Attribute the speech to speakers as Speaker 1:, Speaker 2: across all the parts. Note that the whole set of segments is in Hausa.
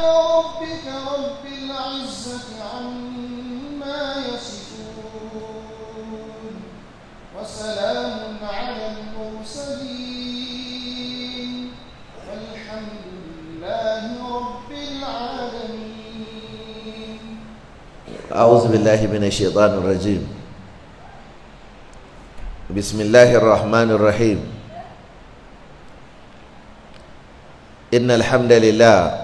Speaker 1: ربك رب العزة عما يصفون وسلام على المرسلين والحمد لله
Speaker 2: رب العالمين أعوذ بالله من الشيطان الرجيم بسم الله الرحمن الرحيم إن الحمد لله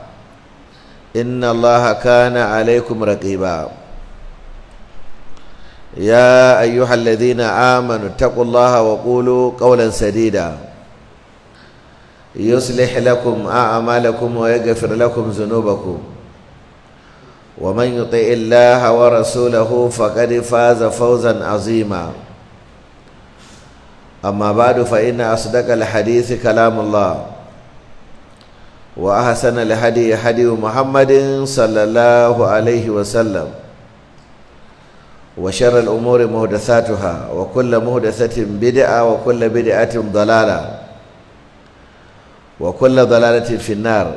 Speaker 2: inna allaha kana alaikum raqiba ya ayyuhal ladhina amanu taqullaha wa qulu qawlan sadida yuslih lakum a'malakum wa yaghfir lakum dhunubakum wa man yuti' illaha wa rasulahu faqad faza fawzan 'azima amma ba'du fa inna hadisi hadithi kalamullah وأحسن الهدي هدي محمد صلى الله عليه وسلم وشر الأمور محدثاتها وكل محدثة بدعة وكل بدعة ضلالة وكل ضلالة في النار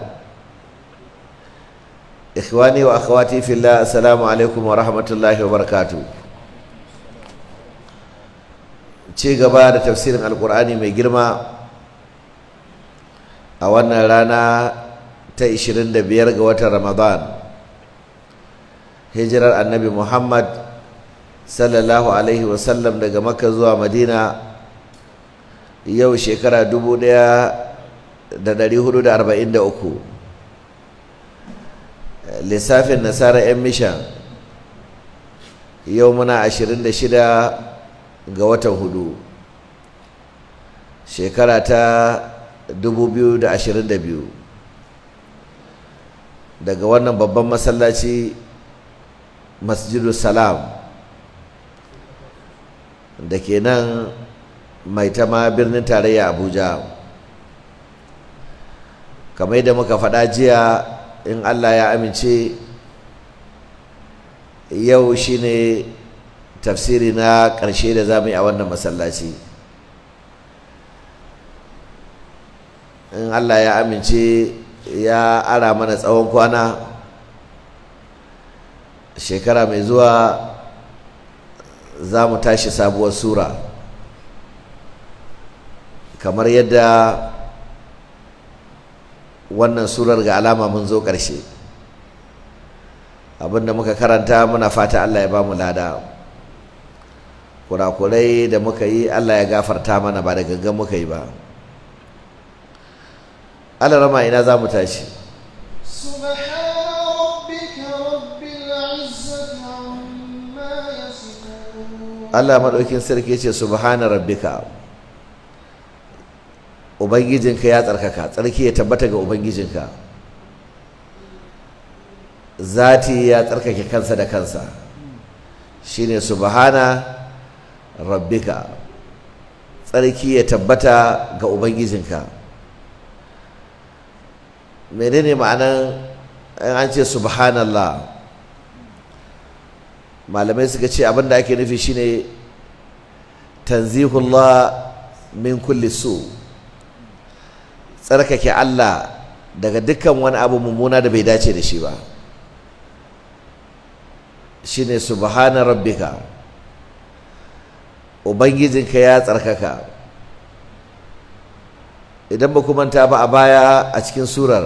Speaker 2: إخواني وأخواتي في الله السلام عليكم ورحمة الله وبركاته ci gaba da tafsirin alkur'ani mai girma a wannan rana ta 25 ga watan Ramadan hijirar annabi Muhammad sallallahu alaihi wasallam daga Makka zuwa Madina yau shekara 1443 lissafin nasara 'yan mishan yau muna 26 ga watan hudu shekara ta 2022 daga wannan babban masallaci masjidu salam da ke nan mai tama birnin tarayya abuja kamar da muka faɗa jiya in allah ya amince yau shine tafsiri na ƙarshe da za mu yi a wannan masallaci in allah ya amince ya ara mana tsawon kwana shekara mai zuwa za mu tashi sabuwar sura kamar yadda wannan surar ga alama mun zo ƙarshe abinda muka karanta muna fata Allah ya ba mu lada kurakurai da muka yi Allah ya gafarta mana ba da gangan muka yi ba ala rama ina za mu tashi Allah maɗaukin sarki ce subhana rabbika ubangijinka ya tsarkaka tsarki ya tabbata ga ubangijinka zati ya tsarkake kansa da kansa shine subhana rabbika tsarki ya tabbata ga ubangijinka menene ma'anar an ce subhanallah malamai suka ce abin da ake nufi shine tanzihullah min kulli su tsarkake Allah daga dukkan wani abu mummuna da bai dace da shi ba shine subhana rabbika ubangijinka ya tsarkaka idan ba ku manta ba a baya a cikin surar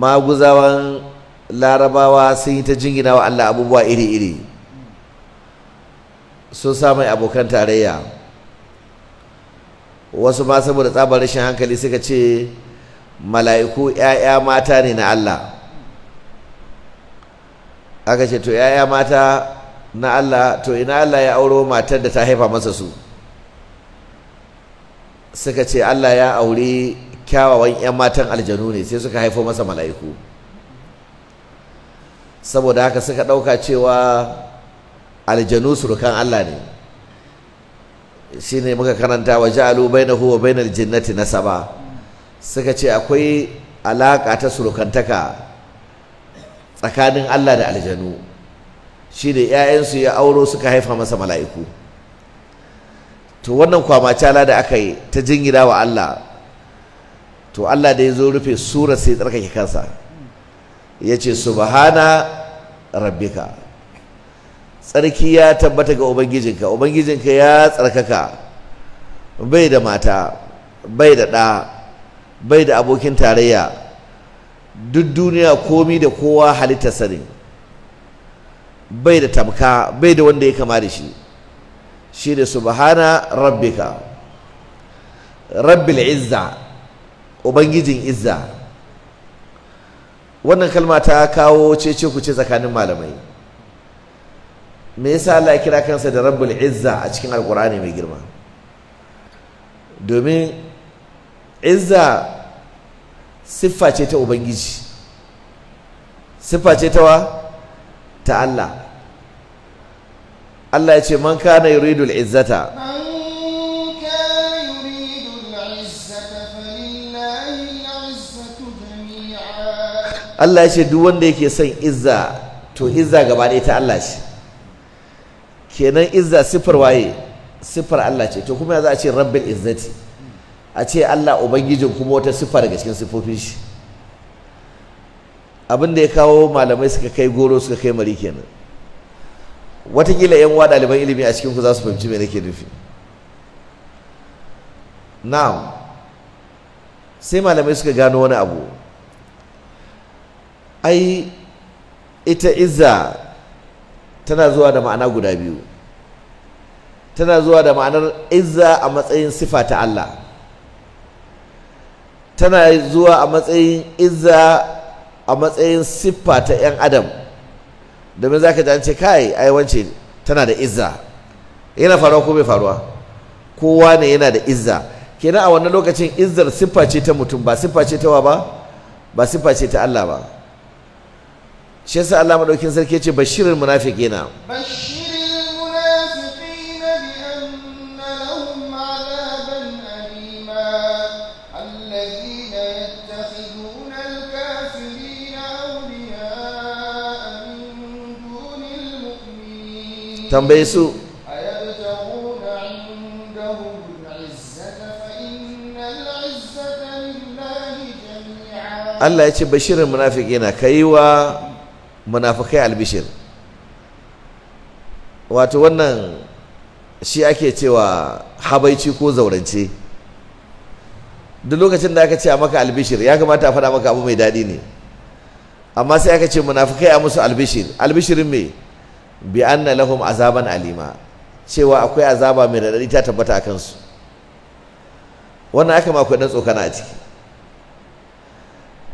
Speaker 2: maguzawan larabawa sun yi ta jingina wa Allah abubuwa iri-iri sun samun abokan tarayya wasu ma saboda tsabar rashin hankali suka ce mala'iku 'ya'ya mata ne na Allah aka ce to 'ya'ya mata na Allah to ina Allah ya auro matar da ta haifa masa su suka ce Allah ya aure kyawawan 'yan matan aljanu ne sai suka haifo masa mala'iku saboda haka suka ɗauka cewa aljanu surukan Allah ne shine muka karanta wa ja'alu bainahu wa bainal jinnati nasaba suka ce akwai alaka ta surukantaka tsakanin Allah da aljanu shi shine 'ya'yansu ya auro suka haifa masa mala'iku to wannan cala da aka yi ta jingina wa Allah to Allah da ya zo rufe sura sai tsarkake kansa ya ce subhana rabbika tsarki ya tabbata ga ubangijinka ubangijinka ya tsarkaka bai da mata bai da ɗa bai da abokin tarayya duk duniya komi da kowa halitta sani bai da tamka bai da wanda ya kama da shi shi subhana rabbika rabbil izza ubangijin izza wannan kalma ta kawo cece ce tsakanin malamai me yasa Allah ya kira kansa da rabbil izza a cikin alkur'ani mai girma domin izza siffa ce ta ubangiji siffa ce ta wa ta Allah Allah ya ce man kana yuridu al-izzata Allah ya ce duk wanda yake son izza to izza gaba ɗaya ta Allah ce kenan izza sifar waye sifar Allah ce to kuma ya za a ce rabbil izzati a ce Allah ubangijin kuma wata sifa daga cikin sifofin shi abin da ya kawo malamai suka kai goro suka kai mari kenan watakila yan uwa ɗaliban ilimi a cikin ku za su fahimci me nake nufi now sai malamai suka gano wani abu ai ita izza tana zuwa da ma'ana guda biyu tana zuwa da ma'anar izza a matsayin sifa ta Allah tana zuwa a matsayin izza a matsayin siffa ta 'yan adam domin za ka ji an ce kai ai wance tana da izza yana faruwa ko bai faruwa kowa ne yana da izza kenan a wannan lokacin izzar siffa ce ta mutum ba siffa ce ta wa ba ba siffa ce ta Allah ba shi yasa Allah madaukin sarki ya ce bashirin munafiqina bashir tambaye su Allah ya ce bashirin munafiki na kai wa munafikai albishir wato wannan shi ake cewa habaici ko zaurance duk lokacin da aka ce a maka albishir ya kamata a faɗa maka abu mai daɗi ne amma sai aka ce munafikai a musu albishir albishirin me bi anna lahum azaban alima cewa akwai azaba mai radadi ta tabbata a kansu wannan aka ma akwai dan tsokana a ciki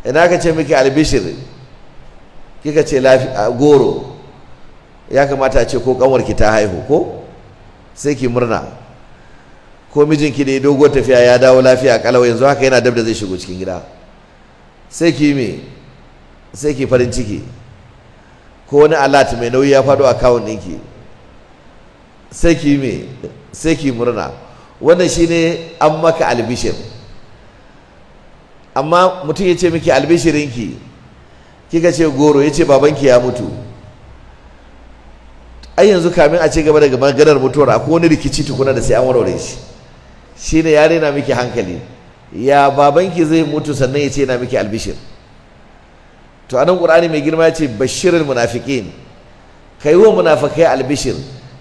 Speaker 2: ina aka ce miki albishir kika ce goro ya kamata ce ko ki ta haihu ko sai ki murna ko mijinki da ya doguwar tafiya ya dawo lafiya kalau yanzu haka yana dab da zai shigo cikin gida sai ki me sai ki farin ciki ko wani alat mai nauyi ya faɗo account ɗinki sai ki me sai ki murna wannan shine an maka albishir amma mutum ya ce miki albishirinki kika ce goro ya ce babanki ya mutu ai yanzu kamin a ci gaba daga maganar mutuwar a wani rikici tukuna da sai an warware shi shine ya rena miki hankali ya babanki zai mutu sannan ya ce na miki albishir to anan qur'ani mai girma ce bashirin munafiqin kai wa munafikai albishir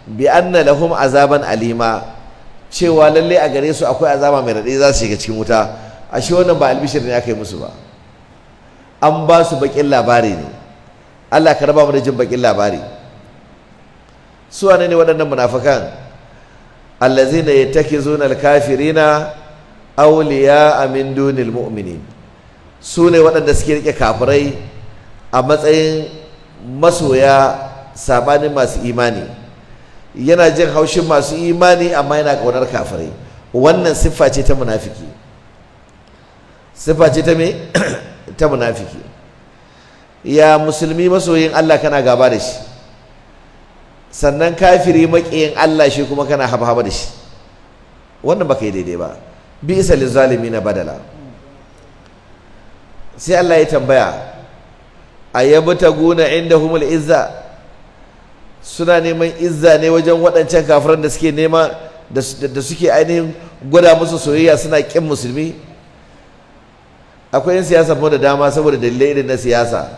Speaker 2: bi anna lahum azaban alima cewa lalle a gare su akwai azaba mai radi za su shiga cikin wuta ashe wannan ba albishir ne aka yi musu ba an ba su bakin labari ne Allah ka raba mu da jin bakin labari su wane ne waɗannan munafikan allazina yatakizuna alkafirina awliya min dunil mu'minin su ne waɗanda suke rike kafirai a matsayin masoya sabanin masu imani yana jin haushin masu imani amma yana ƙaunar kafirai wannan siffa ce ta munafiki siffa ce ta me ta munafiki ya musulmi masoyin Allah kana gaba da shi sannan kafiri maƙiyin Allah shi kuma kana haba-haba da shi wannan baka yi daidai ba bi isa na badala sai Allah ya tambaya ayyabta guna inda humul izza suna neman izza ne wajen waɗancan kafiran da suke nema da suke ainihin gwada musu soyayya suna ƙin musulmi akwai yin siyasa mu da dama saboda dalilai irin na siyasa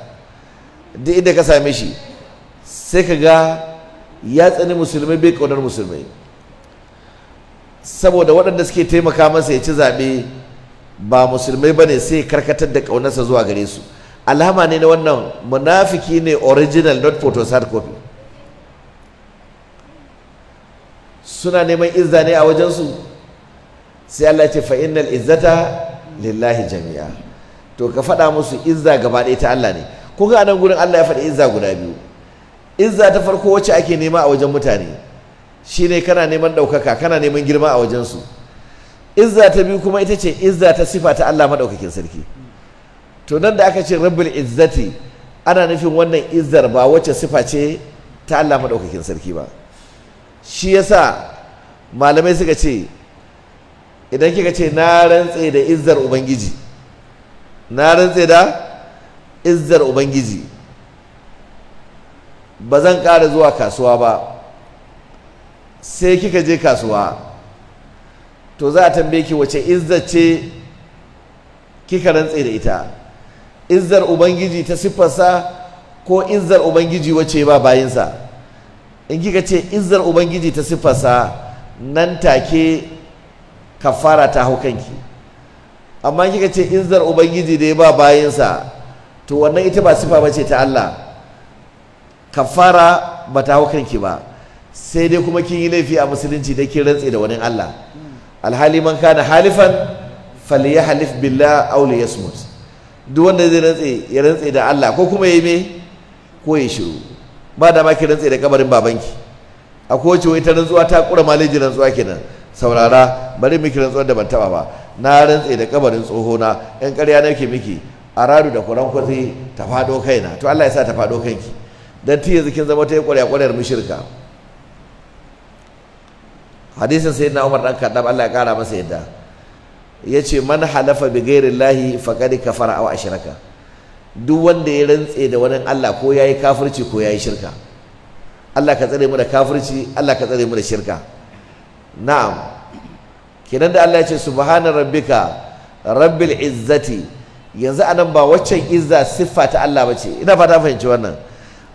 Speaker 2: duk inda ka same shi sai ka ga ya tsani musulmi bai ƙaunar musulmi saboda waɗanda suke taimaka masa ya ci zaɓe ba musulmai ba ne sai karkatar da kaunarsa zuwa gare su alama ne na wannan munafiki ne original not photos hard copy suna neman izza ne a wajensu sai Allah ce fa'inal izzata lillahi jami'a to ka faɗa musu izza gaba ɗaya ta Allah ne Kuka ga nan gurin Allah ya faɗi izza guda biyu izza ta farko wacce ake nema a wajen mutane shine kana neman ɗaukaka kana neman girma a wajensu izza ta biyu kuma ita ce izza ta sifa ta Allah maɗaukakin sarki to nan da aka ce rabbul izzati ana nufin wannan izzar ba wacce sifa ce ta Allah maɗaukakin sarki ba shi yasa malamai suka ce idan kika ce na rantse da izzar ubangiji na rantse da izzar ubangiji ba zan ƙara zuwa kasuwa ba sai kika je kasuwa to za a tambaye ki wace izzar ce kika rantse da ita izzar ubangiji ta siffarsa ko izzar ubangiji wace ba bayinsa in kika ce izzar ubangiji ta siffarsa nan take kafara ta hau kanki amma in kika ce izzar ubangiji da ya ba bayinsa to wannan ita ba siffa ce ta Allah kafara ba ta hau kanki ba sai dai kuma kin yi laifi a musulunci da kin rantse da wani Allah alhali man kana halifan falyahlif billah aw liyasmut duk wanda zai rantse ya rantse da Allah ko kuma yayi me ko ya shiru ba da ma ki rantse da kabarin babanki a ko wacce ita rantsuwa ta kura malejin rantsuwa kenan saurara bari miki rantsuwar da ban taba ba na rantse da kabarin tsohona yan ƙarya nake miki aradu da kuran kwatsi ta faɗo kaina to Allah ya sa ta faɗo kanki dan ti yanzu kin zama ta yi ƙwarya ƙwaryar mushirka hadisin na Umar dan kaddam Allah ya kara masa yadda yace man halafa bi ghairillahi faqad kafara aw ashraka duk wanda ya rantse da wani Allah ko yayi kafirci ko yayi shirka Allah ka tsare mu da kafirci Allah ka tsare mu da shirka na'am kenan da Allah ya ce subhana rabbika rabbil izzati yanzu anan ba waccan izza siffa ta Allah bace ina fata fahimci wannan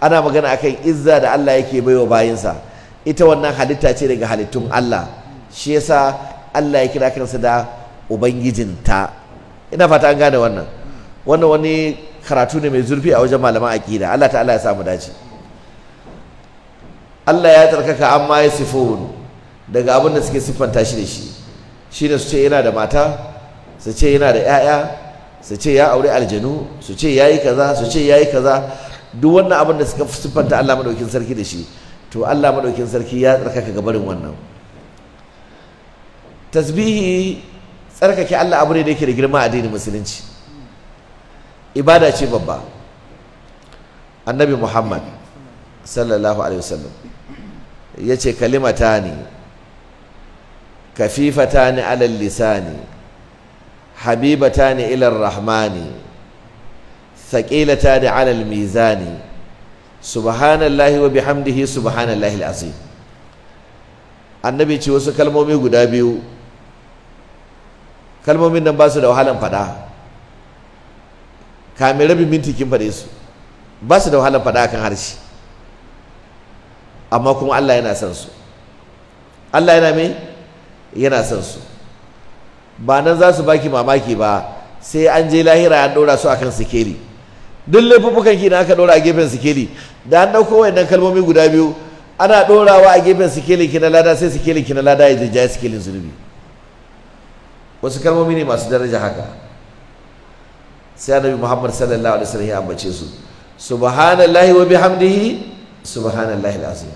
Speaker 2: ana magana akan izza da Allah yake baiwa bayinsa ita wannan halitta ce daga halittun Allah shi yasa Allah ya kira kansa da ubangijinta ina fata an gane wannan wannan wani karatu ne mai zurfi a wajen malaman aqida Allah ta'ala ya samu dace Allah ya tarkaka amma ya sifun daga abin da suke siffanta shi da shi shine su ce yana da mata su ce yana da 'ya'ya su ce ya aure aljanu su ce yayi kaza su ce yayi kaza duk wannan abin da suka siffanta Allah madaukin sarki da shi to Allah madaukin sarki ya tsarkaka ga barin wannan tasbihi tsarkake Allah abu ne da yake da girma a addinin musulunci ibada ce babba annabi Muhammad sallallahu alaihi wasallam yace kalimatani kafifatani alal lisani ne ila rahmani ne alal mizani subhanallahi wa bihamdihi subhanallahi alazim annabi ce wasu kalmomi guda biyu kalmomin nan ba su da wahalan fada kamin rabin minti kin fade su ba su da wahalan fada kan harshe amma kuma Allah yana son su Allah yana mai yana son su ba nan za su baki mamaki ba sai an je lahira an dora su akan sikeli duk laifuffukan ki na aka dora a gefen sikeli da an ɗauko wayannan kalmomi guda biyu ana ɗorawa a gefen sikelin ki na lada sai sikelin ki na lada ya jaye sikelin zunubi wasu kalmomi ne masu daraja haka sai annabi muhammad sallallahu alaihi wasallam ya ambace su subhanallahi wa bihamdihi subhanallahi alazim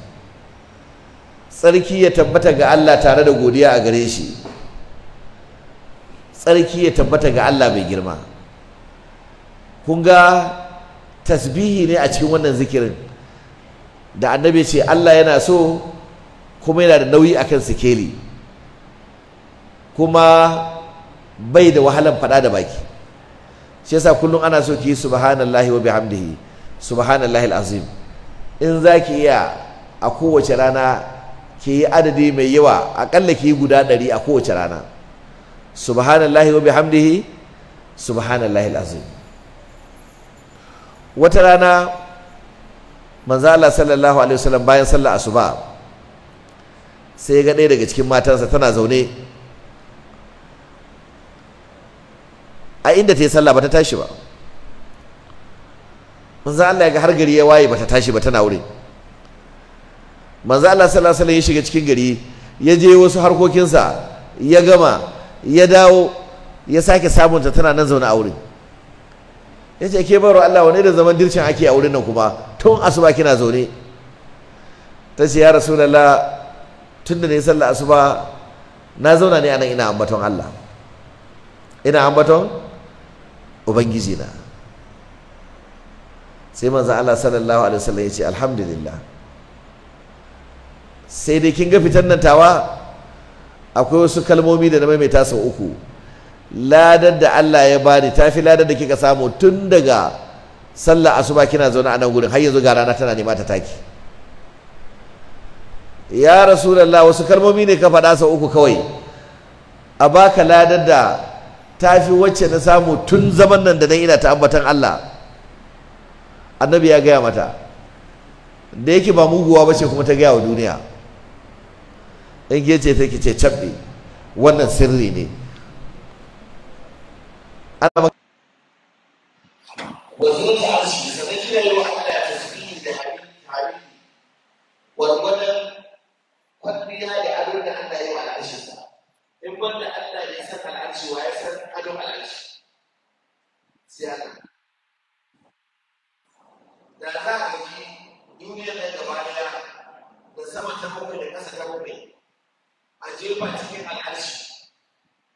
Speaker 2: tsarki ya tabbata ga Allah tare da godiya a gare shi tsarki ya tabbata ga Allah mai girma kun ga tasbihi ne a cikin wannan zikirin da annabi ce Allah yana so kuma yana da nauyi akan sikeli kuma bai da wahalan fada da baki shi yasa kullum ana so ki yi subhanallahi wa bihamdihi subhanallahi alazim in zaki iya a kowace rana ki yi adadi mai yawa akalla ki yi guda ɗari a kowace rana subhanallahi wa bihamdihi subhanallahi alazim wata rana manzala Allah sallallahu alaihi wasallam bayan sallar asuba sai ga ɗaya daga cikin matansa tana zaune a inda ta yi sallah ba ta tashi ba manzo Allah ya ga har gari ya waye ba ta tashi ba tana wuri manzo Allah sallallahu alaihi wasallam ya shiga cikin gari ya je wasu harkokinsa ya gama ya dawo ya sake samunta tana nan zaune a wurin ya ce ke baro Allah wani da zaman dircin ake a wurin nan kuma tun asuba kina zaune ta ce ya rasu la tun da ne sallah asuba na zauna ne anan ina ambaton Allah ina ambaton ubangiji na sai manzo Allah sallallahu alaihi wasallam ya ce alhamdulillah sai dai kin ga fitan nan tawa akwai wasu kalmomi da na maimaita sau uku ladar da Allah ya bani fi ladar da kika samu tun daga sallar asuba kina zaune a nan gurin har yanzu ga rana tana nema ta taki ya rasulullah wasu kalmomi ne ka faɗa sau uku kawai a baka ladar da tafi wacce na samu tun zaman nan da nan ina ta ambatan Allah annabi ya gaya mata da yake ba muguwa ba ce kuma ta gaya wa duniya in ce ta ce cabbe wannan sirri ne ana maka wazirci arshi da sanar shi da yi wa Allah ya tasiri da hali wargwadon kwadriya da abin da Allah ya yi wa arshin in wanda Allah ya san al'arshi ya san adon al'arshi sai da za a yi duniya da gaba da sama ta bakwai da kasa ta bakwai a jefa cikin al'arshi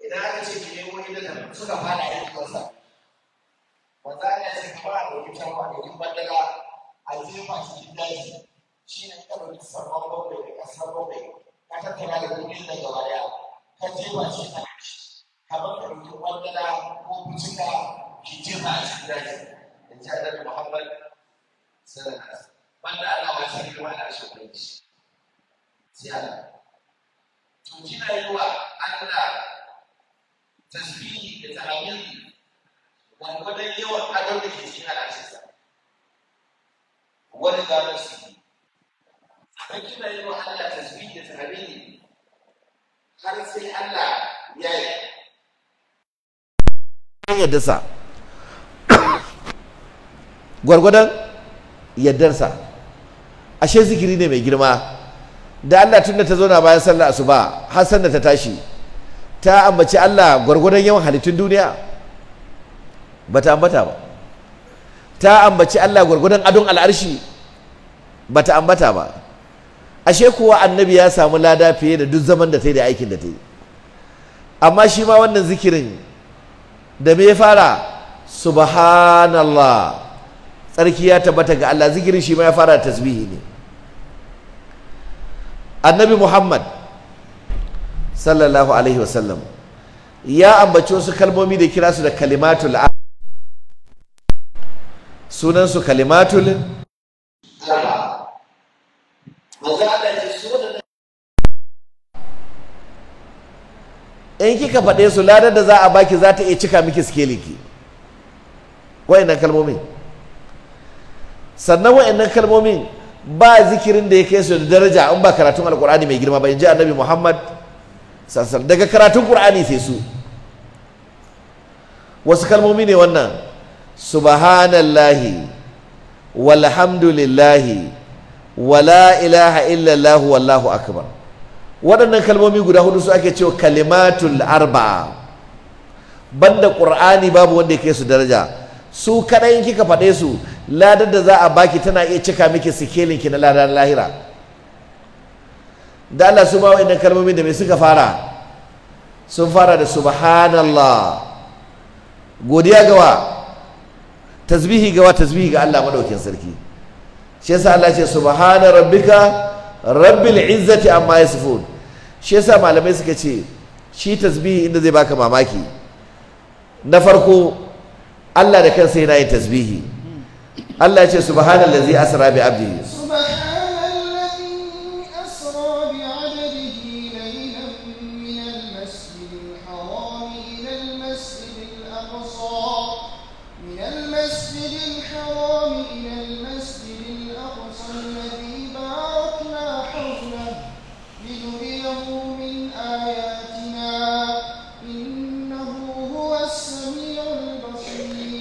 Speaker 2: idan aka ce ki nemo nan suka fara yin kwasa wanda ya ce ka fara da wuta ba da yin bandala a jefa cikin daji shi ne ka ɗauki sabon bakwai da ƙasar bakwai ka tattara da kuɗi da gaba ɗaya ka jefa shi a shi ka ka ɗauki bandala ko kucika ki jefa a cikin daji in ji annabi muhammad sallallahu alaihi wasallam banda ana wasa ne wani ashe kwanci sai ana to kina yi wa Allah tasbihi da tahmidi gwargwadon yawan adon da ke cikin alashinsa wani zaɓar su an kina yi wa Allah tasbihi da tahmidi har sai Allah ya yi ya dasa gwargwadon yaddarsa ashe zikiri ne mai girma da Allah tun da ta zo na bayan sallah asuba har sanda ta tashi ta ambaci Allah gwargwadon yawan halittun duniya ba ta ambata ba ta ambaci Allah gwargwadon adon al'arshi ba ta ambata ba ashe kuwa annabi ya samu lada fiye da duk zaman da ta yi da aikin da ta yi amma shi ma wannan zikirin da me ya fara subhanallah tsarki ya tabbata ga Allah zikirin shi ma ya fara tasbihi ne annabi Muhammad sallallahu alaihi wasallam ya ambaci wasu kalmomi da kira su da kalimatul sunan su kalimatul in kika faɗe su ladar da za a baki za ta iya cika miki skeliki wa'annan kalmomi sannan wa'annan kalmomin ba zikirin da ya kai su da daraja in ba karatun alkur'ani mai girma ba in ji annabi muhammad sasar daga karatun qur'ani sai su wasu kalmomi ne wannan subhanallahi walhamdulillahi wala ilaha illallah wallahu akbar waɗannan kalmomi guda hudu su ake cewa kalimatul arba'a banda qur'ani babu wanda ya su daraja su kaɗai in kika faɗe su ladar da za a baki tana iya cika miki sikelin na ladar lahira da Allah su ba wa'annan kalmomin da me suka fara sun fara da subhanallah godiya gawa tasbihi gawa tasbihi ga Allah madaukin sarki shi yasa Allah ce subhana rabbika rabbil izzati amma yasifun shi yasa malamai suka ce shi tasbihi inda zai baka mamaki na farko Allah da kansa yana yin tasbihi Allah ya ce subhanallazi asra bi abdihi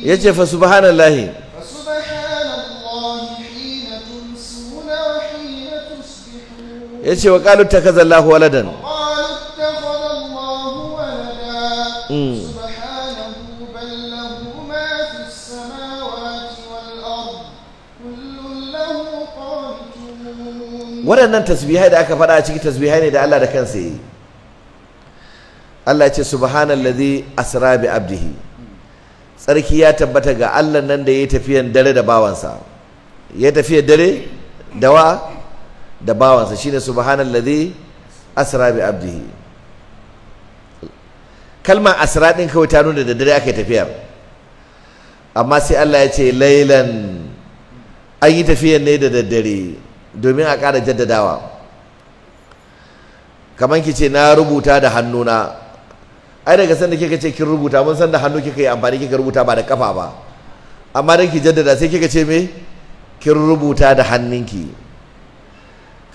Speaker 2: ya ce fa subhanallahi ya ce wa kalu ta kaza Allahu waladan hmm. waɗannan tasbihai da aka faɗa a ciki tasbihai ne da Allah da kansa yi Allah ya ce subhanallazi asra bi abdihi tsarki ya tabbata ga Allah nan da ya tafiyan dare da bawansa ya tafiya dare da wa da bawansa shine subhanallazi asra bi abdihi kalmar asra din kawai ta nuna da dare aka tafiyar amma sai Allah ya ce lailan an yi tafiyan ne da daddare domin a ƙara jaddadawa kamar ki ce na rubuta da hannuna ai daga sanda kika ce kin rubuta mun san da hannu kika yi amfani kika rubuta ba da kafa ba amma dan ki jaddada sai kika ce me kin rubuta da hannunki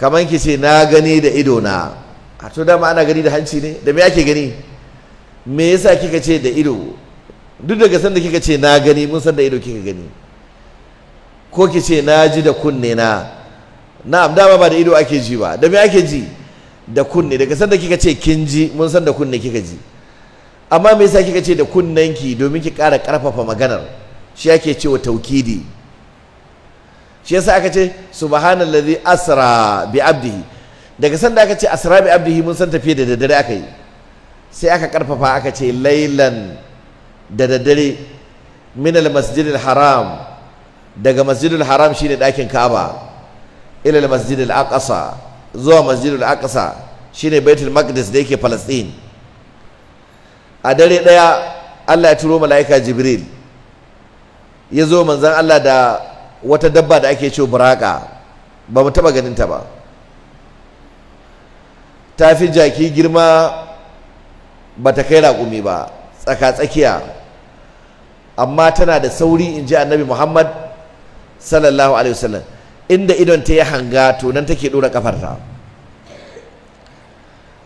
Speaker 2: kaman ki ce na gani da ido na a to dama ana gani da hanci ne da me ake gani me yasa kika ce da ido duk daga sanda kika ce na gani mun san da ido kika gani ko ki ce na ji da kunne na na'am dama ba da ido ake ji ba da me ake ji da kunne daga sanda kika ce kin ji mun san da kunne kika ji amma me yasa kika ce da kunnanki domin ki ƙara ƙarfafa maganar shi ake cewa taukidi shi yasa aka ce subhanallazi asra bi abdihi daga sanda aka ce asra bi abdihi mun san tafiye da daddare aka yi sai aka karfafa aka ce lailan da daddare min masjidil haram daga masjidil haram shine dakin ka'aba ila al masjidil aqsa zuwa masjidil aqsa shine baitul maqdis da yake palestine a dare ɗaya Allah ya turo mala'ika Jibril ya zo manzan Allah da wata dabba da ake ce buraka ba mu taɓa ganin ta ba ta fi jaki girma ba ta kai raƙumi ba tsaka-tsakiya amma tana da sauri in ji annabi Muhammad sallallahu alaihi wasallam inda idon ta ya hanga to nan take ɗora kafarta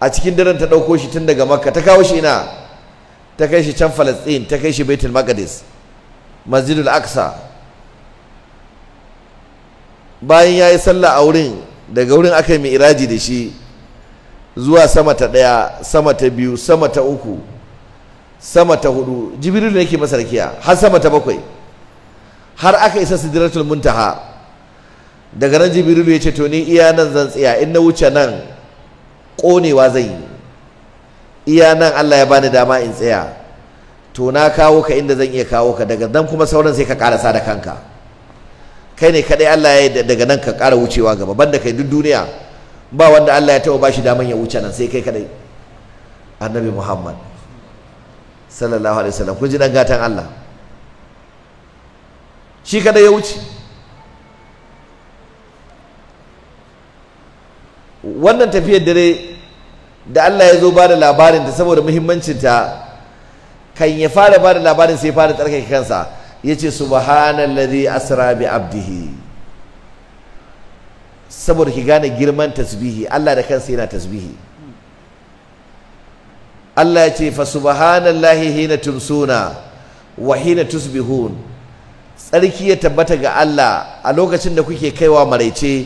Speaker 2: a cikin daren ta ɗauko shi tun daga makka ta kawo shi ina ta kai shi can falastin ta kai shi baitul maqdis masjidul aksa bayan ya yi sallah a wurin daga wurin aka yi iraji da shi zuwa sama ta ɗaya sama ta biyu sama ta uku sama ta hudu jibril ne yake masarkiya har sama ta bakwai har aka isa sidratul muntaha daga nan jibril ya ce to ni iya nan zan tsaya in na wuce nan ƙonewa zan yi iya nan Allah ya bani dama in tsaya to na kawo ka inda zan iya kawo ka daga nan kuma sauran sai ka karasa da kanka kai ne kadai Allah ya yi daga nan ka kara wucewa gaba banda kai duk duniya ba wanda Allah ya taba bashi daman ya wuce nan sai kai kadai annabi Muhammad sallallahu alaihi wasallam kun ji dan gatan Allah shi kadai ya wuce wannan tafiyar dare da Allah ya zo ba da labarin da saboda muhimmancinta kan ya fara ba da labarin sai fara tsarkake kansa ya ce subhanallazi asra bi abdihi saboda ki gane girman tasbihi Allah da kansa yana tasbihi Allah ya ce fa subhanallahi hina tumsuna wa hina tusbihun tsarki ya tabbata ga Allah a lokacin da kuke kaiwa maraice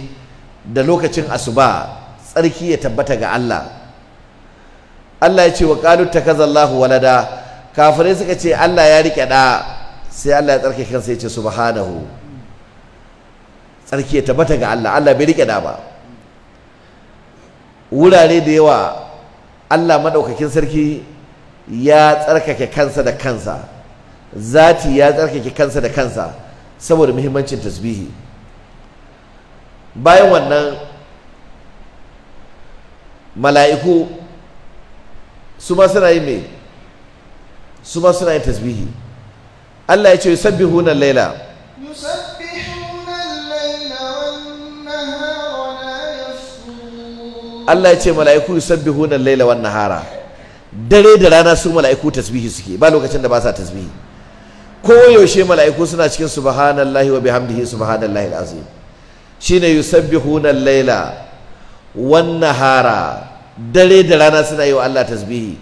Speaker 2: da lokacin asuba tsarki ya tabbata ga Allah Allah ya ce wa kaza takazallahu walada kafirai suka ce Allah ya rike da sai Allah ya tsarki kansa ya ce subhanahu tsarki ya tabbata ga Allah Allah bai rike da ba wurare da yawa Allah madaukakin sarki ya tsarkake kansa da kansa zati ya tsarkake kansa da kansa saboda muhimmancin tasbihi bayan wannan mala'iku Suma suna yi me Suma suna yin tasbihi Allah ya ce yusabbihuna al-laila Allah ya ce mala'iku yusabbihuna hunan laila wan-nahara dare da rana su mala'iku tasbihi suke ba lokacin da ba sa tasbihi ko yaushe mala'iku suna cikin subhanallahi wa bihamdihi subhanallahi shi ne shine yusabbihuna hunan laila wan-nahara dare da rana suna yi wa Allah tasbihi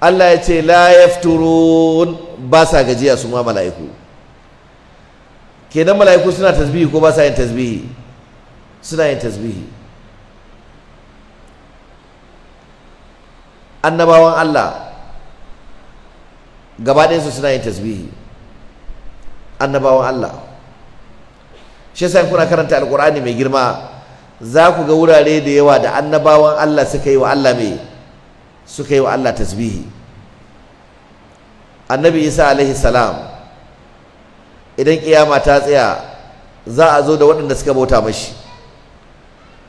Speaker 2: Allah ya ce la yafturun ba sa gajiya su ma mala'iku kenan mala'iku suna tasbihi ko ba sa yin tasbihi suna yin tasbihi annabawan Allah su suna yin tasbihi annabawan Allah shi yasa kuna karanta alkur'ani mai girma za ku ga wurare da yawa da annabawan Allah suka yi wa Allah mai suka yi wa Allah tasbihi annabi Isa alaihi salam idan kiyama ta tsaya za a zo da waɗanda suka bauta mashi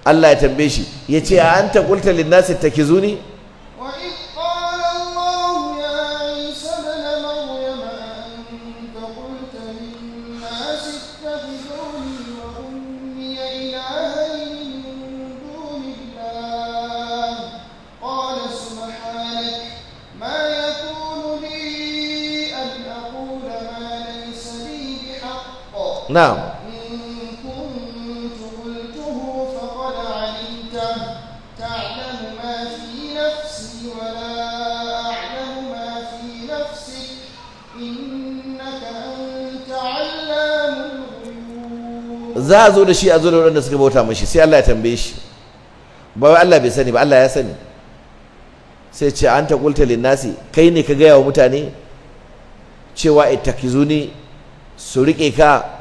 Speaker 2: Allah ya tambaye shi ya ce a ta kulta linnasi ta kizuni نعم za a zo da shi a zo da waɗanda suka bauta mashi sai Allah ya tambaye shi ba wai Allah bai sani ba Allah ya sani sai ce anta qulta linnasi kai ne ka gaya wa mutane cewa ittakizuni su rike ka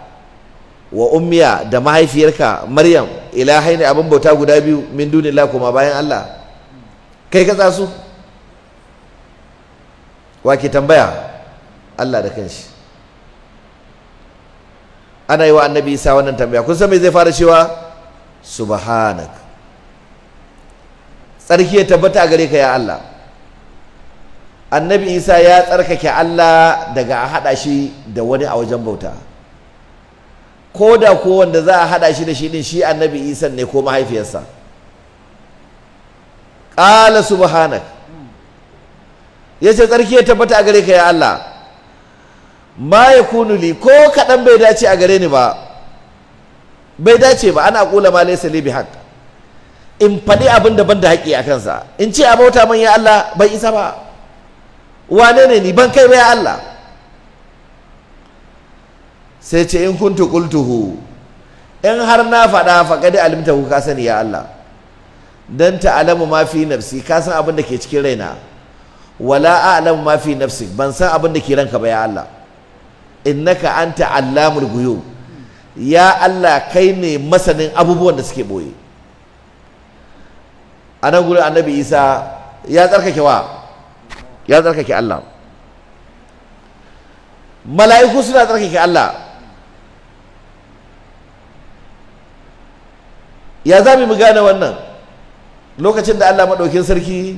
Speaker 2: wa ummiya da mahaifiyarka maryam ila haini abin bauta guda biyu min dunillah kuma bayan allah kai ka tsasu wa ke tambaya allah da kanshi ana yi wa annabi isa wannan tambaya kun san me zai fara cewa subhanak tsarki ya tabbata gare ka ya allah annabi isa ya tsarkake allah daga a haɗa shi da wani a wajen bauta ko da ko wanda za a hada shi da shi din shi annabi isa ne ko mahaifiyarsa qala subhanak ce tsarki ya tabbata a gare ka ya Allah ma li ko kaɗan bai dace a gare ni ba bai dace ba ana kula ma laisa li bihaq in faɗi abin da ban da haƙƙi a kansa in ce a bauta man ya Allah bai isa ba wane ne ni ban kai ba ya Allah sai ce in kuntu qultuhu in har na faɗa da alimta ka sani ya Allah don ta alamu ma fi nafsi ka san abin da ke cikin raina wala a'lamu ma fi nafsi ban san abin da ke ranka ba ya Allah innaka anta allamul guyo ya Allah kai ne masanin abubuwan da suke boye anan gurin annabi Isa ya tsarkake wa ya tsarkake Allah mala'iku suna tsarkake Allah ya za mu gane wannan lokacin da Allah maɗaukin sarki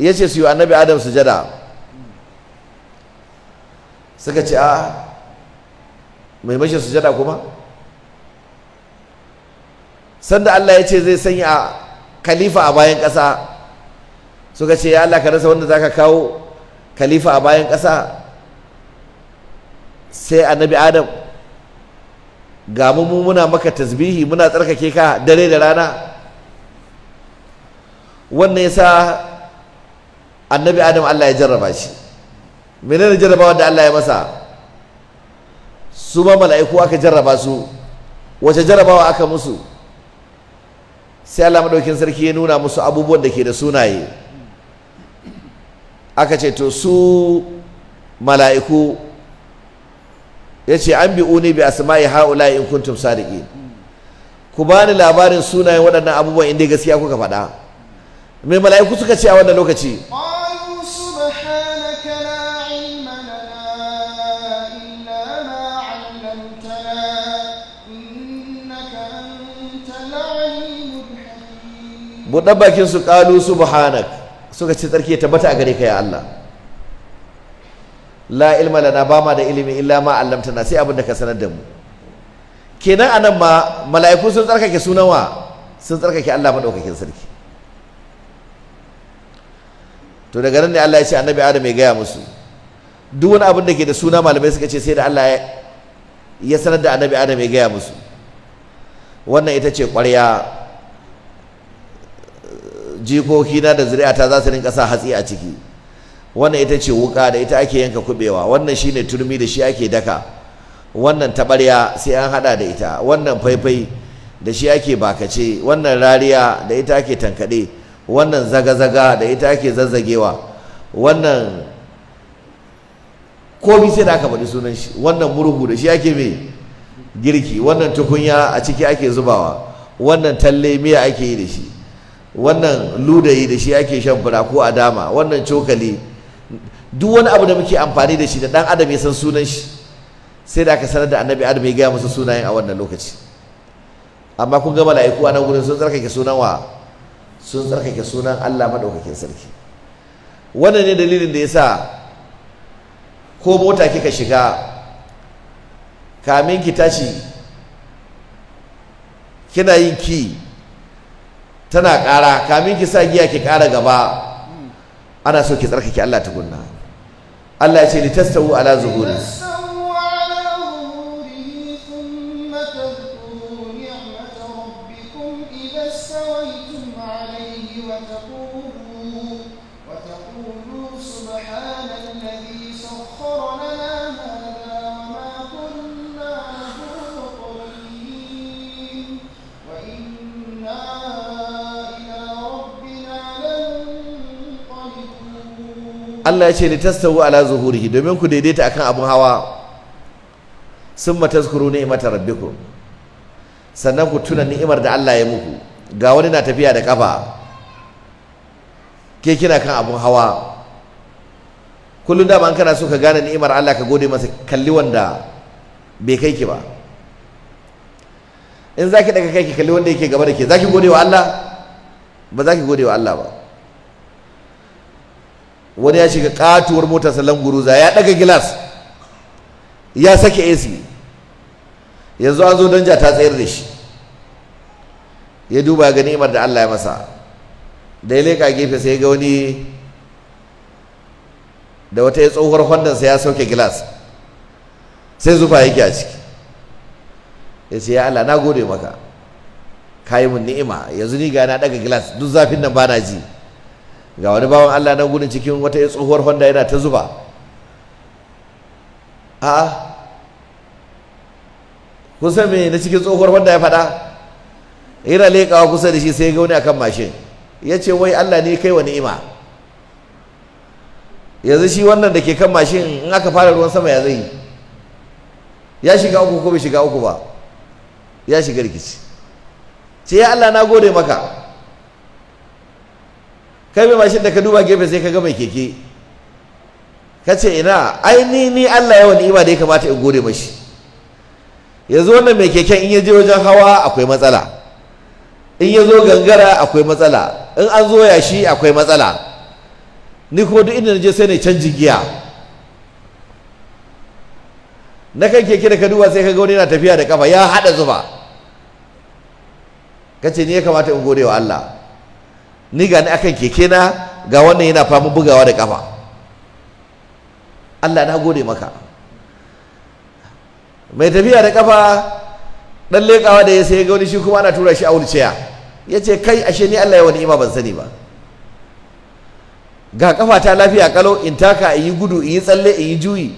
Speaker 2: ya ce su yi annabi adam sujada suka ce a ah, mai mashi sujada kuma sanda Allah ya ce zai sanya a khalifa a bayan ƙasa suka ce ya Allah ka rasa wanda za ka kawo khalifa a bayan ƙasa sai annabi adam ga mu muna maka tasbihi muna tsarkake ka dare da rana wannan yasa annabi adam Allah ya jarraba shi menene jarraba da Allah ya masa su ma mala'iku aka jarraba su wace jarrabawa aka musu sai Allah madaukin sarki ya nuna musu abubuwan da ke da sunaye aka ce to su mala'iku ya ce an bi'uni bi asma'i ha'ula in kuntum sadiqin ku bani labarin sunayen waɗannan abubuwan inda gaskiya kuka faɗa mai mala'iku suka ce a wannan lokaci buɗe ƙalu subhanak suka ce tsarki ya tabbata a gare ka ya Allah la ilma lana ba ma da ilimi illa ma allamtana sai abin da ka sanar da mu kenan anan ma mala'iku sun tsarkake sunawa sun tsarkake Allah madaukakin sarki to daga nan ne Allah ya ce annabi Adam ya gaya musu duk wani abin da ke da suna malamai suka ce sai da Allah ya sanar da annabi Adam ya gaya musu wannan ita ce ƙwarya na da zuri'a ta za su rinka sa hatsi a ciki wannan ita ce wuka da ita ake yanka kubewa wannan shine turmi da shi ake daka wannan tabarya sai an hada da ita wannan faifai da shi ake bakace wannan rariya da ita ake tankade wannan zaga-zaga da ita ake zazzagewa wannan komi sai da aka faɗi sunan shi wannan murhu da shi ake mai girki wannan tukunya a ciki ake zubawa wannan talle miya ake yi da shi wannan ludayi da shi ake shan fura ko a dama wannan cokali duk wani abu da muke amfani da shi da dan adam ya san sunan shi sai da aka sanar da annabi adam ya gaya musu sunayen a wannan lokaci amma kun ga mala'iku a nan gudun sun tsarkake sunan wa sun tsarkake sunan Allah madaukakin sarki wannan ne dalilin da yasa ko mota kika shiga kamin ki tashi kina yin ki tana ƙara kamin ki sa giya ki ƙara gaba ana so ki tsarkake Allah tukunna Allah ya ce litastawu ala zuhuri Allah ya ce ni tastawu ala zuhurihi domin ku daidaita akan abun hawa sun matazkuru ni'imata rabbiku sannan ku tuna ni'imar da Allah ya muku ga wani na tafiya da kafa ke kina kan abun hawa kullum da an kana so ka gane ni'imar Allah ka gode masa kalli wanda bai kai ki ba in zaki daga kai ki kalli wanda yake gaba da ke zaki gode wa Allah ba zaki gode wa Allah ba wani ya shiga katuwar motarsa languruza ya daga gilas ya sake AC yanzu an zo danja ta tsayar da shi ya duba ga ni'imar da Allah ya masa da ya leka gefe sai ga wani da wata ya tsohuwar Honda ya sauke gilas sai zufa yake a ciki ya ce ya Allah na gode maka yi mun ni'ima yanzu ni ga na daga gilas duk zafin nan ba na ji ga wani bawan Allah na gudun cikin wata ya tsohuwar Honda yana ta zuba a'a kusa me na cikin tsohuwar Honda ya faɗa yana leƙawa kusa da shi sai ga wani akan mashin ya ce wai Allah ne kai wa ni'ima yanzu shi wannan da ke kan mashin in aka fara ruwan sama ya zai ya shiga uku ko bai shiga uku ba ya shiga rikici ce ya Allah na gode maka kai mai mashin da ka duba gefe sai ka ga mai keke ka ce ina ai ni ni Allah yawan ni'ima da ya kamata in gode mashi zo wannan mai keken in ya je wajen hawa akwai matsala in ya zo gangara akwai matsala in an zo yashi akwai matsala ni kuma duk inda na je sai ne canji giya na kan keke da ka duba sai ka ga wani na tafiya da kafa ya haɗa zuba ka ce ni ya kamata in gode wa Allah ni gani akan keke na ga wannan yana fama bugawa da kafa Allah na gode maka mai tafiya da kafa dan lekawa da ya sai ga wani shi kuma ana tura shi a wulciya yace kai ashe ni Allah ya wani ima ban sani ba ga kafa ta lafiya kalo in taka in yi gudu in yi tsalle in yi juyi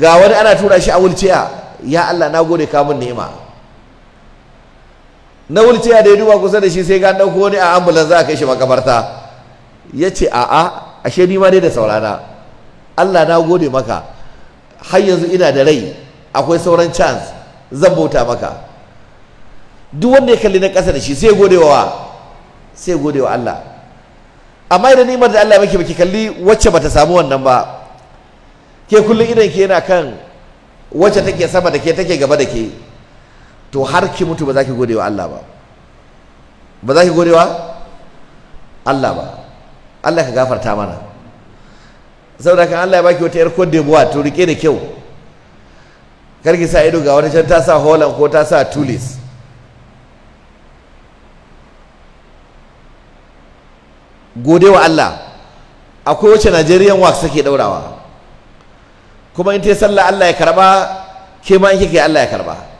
Speaker 2: ga wani ana tura shi a wulciya ya Allah na gode ka mun ni'ima na wulciya da ya duba kusa da shi sai ka ɗauko wani a ambulan za a kai shi makabarta ya ce a'a ashe ni ma dai da saurana Allah na gode maka har yanzu ina da rai akwai sauran chance zan bauta maka duk wanda ya kalli na ƙasa da shi sai gode wa sai gode wa Allah amma idan nimar da Allah maki baki kalli wacce bata samu wannan ba ke kullum idan ke yana kan wacce take sama da ke take gaba da ke to har ki mutu ba za ki gode wa Allah ba ba za ki gode wa Allah ba Allah ka gafarta mana saboda kan Allah ya baki wata yar kodde buwa to rike da kyau kar ki sa ido ga wata can ta sa holan ko ta sa tulis gode wa Allah akwai wacce Nigerian wax take daurawa kuma in ta sallah Allah ya karba ke ma in kike Allah ya karba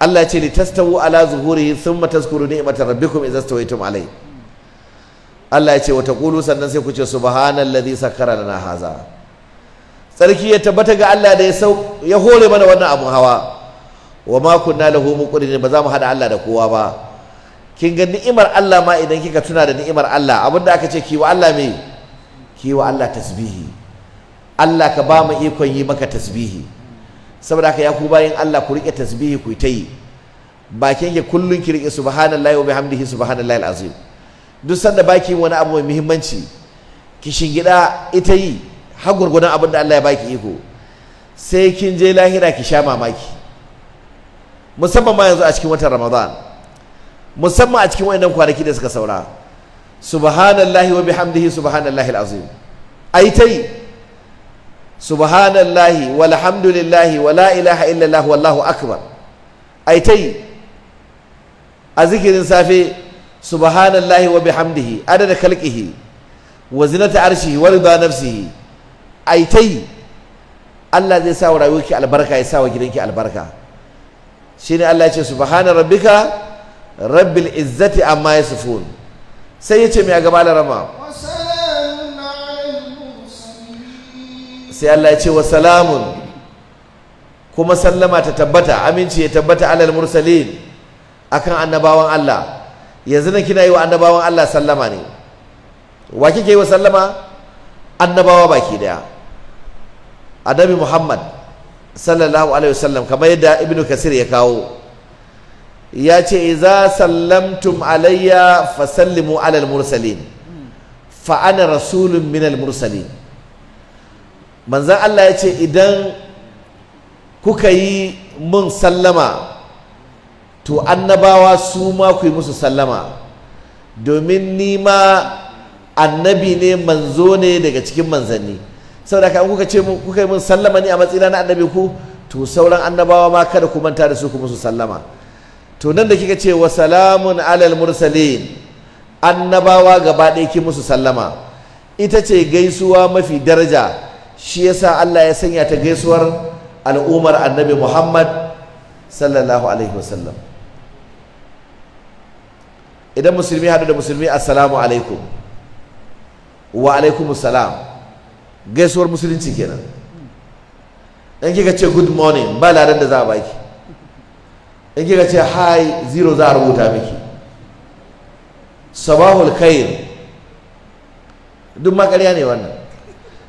Speaker 2: Allah ce litastawu ala zuhurihi thumma tazkuru ni'mata rabbikum idza stawaytum alayhi Allah ya ce wa Kulu sannan sai ku ce subhanallazi sakkara na haza sarki ya tabbata ga Allah da ya hore mana wannan abun hawa wa ma kunna lahu ne ba za mu hada Allah da kowa ba kin ga ni'imar Allah ma idan kika tuna da ni'imar Allah da aka ce ki wa Allah me ki wa Allah tasbihi Allah ka ba mu ikon yi maka tasbihi saboda haka ya ku bayan Allah ku rike tasbihi ku ta yi bakin ki kullun ki rike subhanallahi wa bihamdihi subhanallahi alazim duk sanda baki wani abu mai muhimmanci ki shingida ita yi har gurgurdan abin da Allah ya baki iko sai kin je lahira ki sha mamaki musamman ma yanzu a cikin watan Ramadan musamman a cikin wayannan kwanaki da suka saura subhanallahi wa bihamdihi subhanallahi alazim Ayi ta yi subhanallahi walhamdulillahi wala ilaha illallah wallahu akbar Aitai, a zikirin safe subhanallahi wa bihamdihi adada khalqihi wa zinata arshihi wa rida nafsihi tai Allah zai sa wa rayuwarki albarka ya sa wa gidanki albarka shine Allah ya ce subhana rabbika rabbil izzati amma yasifun sai ya ce mai a gaba larama sai Allah ya ce wa salamun kuma sallama ta tabbata aminci ya tabbata alal mursalin akan annabawan Allah yanzu nan kina yi wa annabawan Allah sallama ne wa kike yi wa sallama annabawa baki daya annabi Muhammad sallallahu alaihi wasallam kamar yadda ibnu kasir ya kawo ya ce idza sallamtum alayya fa sallimu alal mursalin fa ana rasulun minal mursalin manzan Allah ya ce idan kuka yi mun sallama to annabawa su ma ku yi musu sallama domin ni ma annabi ne manzo ne daga cikin manzanni da kan kuka ce kuka yi mun sallama ne a matsina na annabi ku to sauran annabawa ma kada ku manta da su ku musu sallama to nan da kika ce wa salamun alal mursalin annabawa gaba ɗaya ki musu sallama ita ce gaisuwa mafi daraja shi yasa Allah ya sanya ta gaisuwar al'ummar annabi Muhammad sallallahu alaihi wasallam idan musulmi hadu da musulmi assalamu alaikum wa alaikum salam gaisuwar musulunci kenan in kika ce good morning ba ladan da za a baki in kika ce hi zero za a rubuta miki sabahul khair duk makarya ne wannan